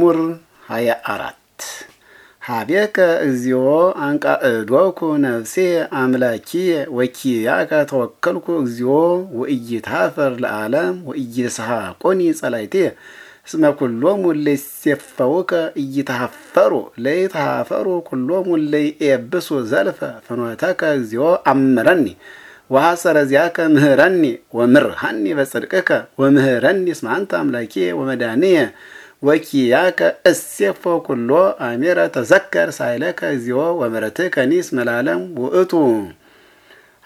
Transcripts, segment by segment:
መዝሙር 24 ሀቤከ እግዚኦ አንቃዕዶኩ ነፍሴ አምላኪ ወኪያከ ተወከልኩ እግዚኦ ወኢይትኀፈር ለዓለም ወኢይስሐቁኒ ጸላይቴ እስመ ኩሎሙ እለ ይሴፈውከ ኢይትኀፈሩ ለይትኀፈሩ ኩሎሙ ለይ ኤብሱ ዘልፈ ፍኖተከ እግዚኦ አምረኒ ወሃ ሰረዚያ مهرني ومرهني بصدقك ومهرني اسمع أنت أملاكي ومدانية وكياك السيف كل أميرة تذكر سائلك زوا ومرتك نيس ملالم وأتو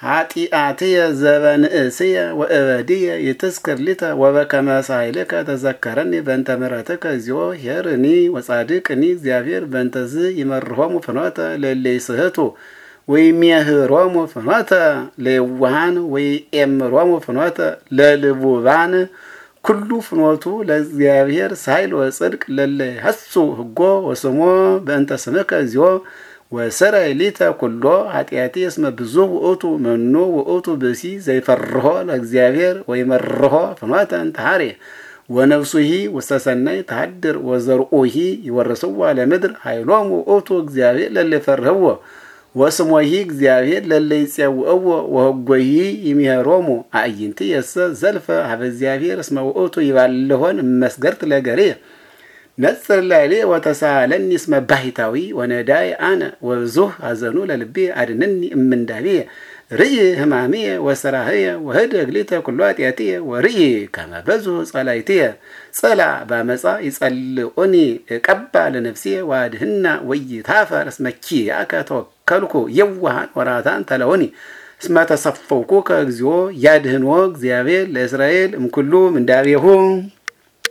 عتي أعطية زبان إسية وأبدية يتذكر لتا وبكما سائلك تذكرني بنت مرتك زوا هيرني وصادقني زيافير بنت زي يمرهم فنوتا للي سهتو ወይሚያህሮሙ ፍኖተ ለየዋሃን ወይኤምሮሙ ፍኖተ ለልቡባን كل فنوته لزيابير سايل وصدق للي هسو هجو وسمو بأنت سمك زيو وسرى ليتا كلو حتياتي اسم بزو وقوتو منو وقوتو بسي زي فرها لزيابير ويمرها فنواتا انت هاري ونفسه وستسنّي تهدر وزرؤه يورسوه على مدر هايلوم وقوتو لزيابير للي فرهوه ወስሞሂ እግዚአብሔር ለለ ይጼውዕዎ ወህጎሂ ይምሄሮሙ አእይንቲ የሰ ዘልፈ ሀበ እግዚአብሔር እስመ ውእቱ ይባልሆን መስገርት ለገሬ ነጽር ላይሌ ወተሳለኒ እስመ ባሂታዊ ወነዳይ አነ ወብዙህ አዘኑ ለልቤ አድንኒ እምንዳቤ ርኢ ህማምየ ወሰራህየ ወህድ እግሊተ ኩሉ ኃጢአትየ ወርኢ ከመ በዝሑ ጸላይትየ ጸላ ባመፃ ይጸልኦኒ ቀባ ለነፍስየ ዋድህና ወይ ታፈር እስመ ኪያከ ተወከልኩ የዋሃን ወራታን ተለውኒ እስመ ተሰፈውኩከ እግዚኦ ያድህንዎ እግዚአብሔር ለእስራኤል እምኩሉ ምንዳቤሁ